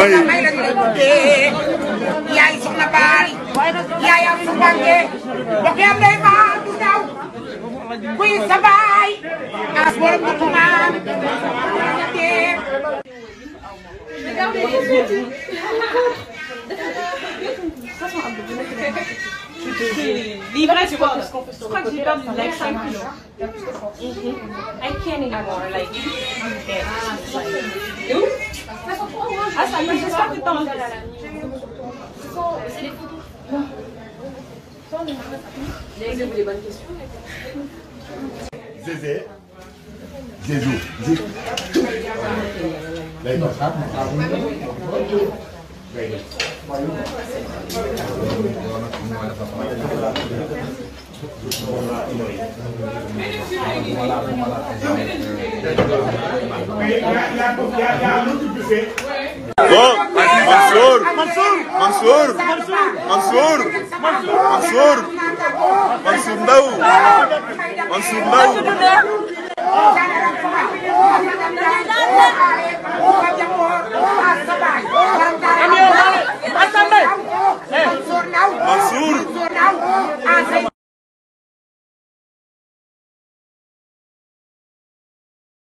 soxna may la ñu lay tuddee yaay soxna baal yaay am su bange bokk yam day baal du daw kuy sa baay as borom du tumaan Libre to God. Je crois que j'ai perdu like 5 kilos. Mm -hmm. I can't anymore. Like, I'm dead. Like, Ah, ça y est, j'espère que t'as enlevé. C'est les photos. Vous les bonnes questions. Zézé. Zézou. Zézou. Là, il va Thank you. Bon, Mansour, Mansour, Mansour, Mansour, Mansour Ndaw, Mansour Ndaw.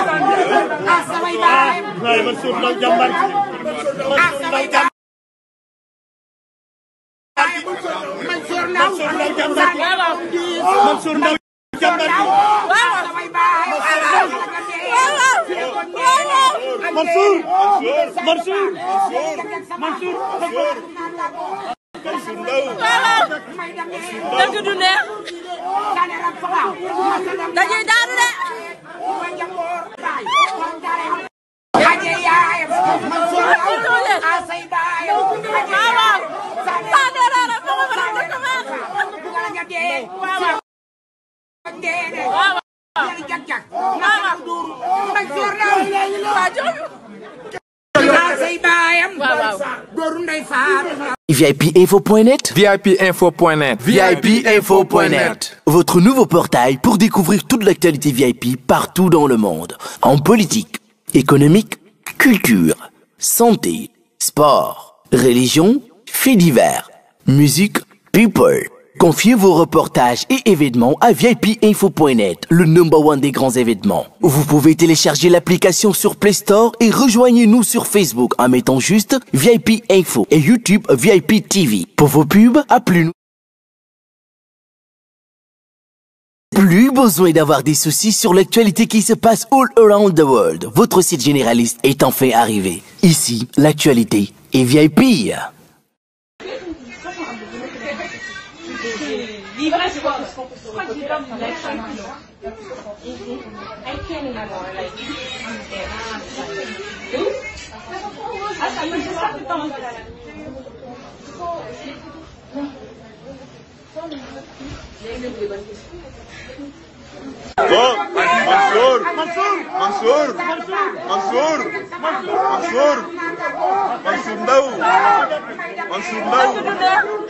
ah samay baay Mansour Ndaw jàmbaar ah samay baay Mansour Ndaw jàmbaar Mansour Ndaw jàmbaar Mansour Mansour Mansour Mansour Ndaw dëgg du neex Këru Ndeye Fatou. VIPinfo.net. VIPinfo.net. VIPinfo.net. Votre nouveau portail pour découvrir toute l'actualité VIP partout dans le monde. En politique, économique, culture, santé, sport, religion, faits divers, musique, people. Confiez vos reportages et événements à VIPinfo.net, le number one des grands événements. Vous pouvez télécharger l'application sur Play et rejoignez sur Facebook en mettant juste VIP Info et YouTube VIP TV. Pour vos pubs, à plus nous. besoin d'avoir des soucis sur l'actualité qui se passe all around the world. Votre site généraliste est enfin arrivé. Ici, l'actualité est vrai, je crois, je crois que j'ai perdu la chaîne. I can't anymore, like, I'm there. Ah, ça me fait ça tout le temps. Oh, Mansour, Mansour, Mansour, Mansour, Mansour, Mansour, Mansour, Mansour, Mansour,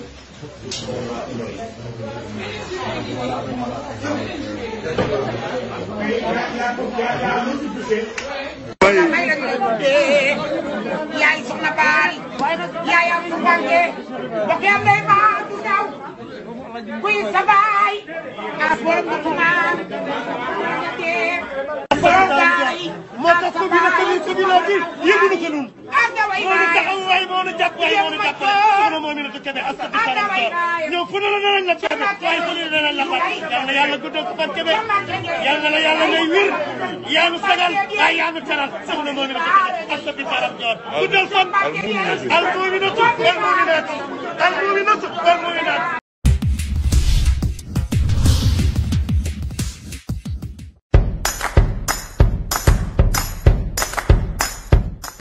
yaay soxna baal yaay am lu bànge bokk yam day maa du daw kuy sa baay as borom du tumaan moo tax commune commune bi yëngu na ko nun moo nu taxaw waay moo nu jàpp waay moo nu jàppale soxna Mominatu Kébé ak Sadi Sarr ñëw fu ne la danañ la fekk waaye fu ne la danañ la fekk yal na yàlla guddal ko fan Kébé yal na la yàlla ngay wir yaa nu sagal waaye yaa nu teral soxna Mominatu Kébé ak Sadi Sarr Dior guddal fan al muminatu al muminatu al muminatu al muminatu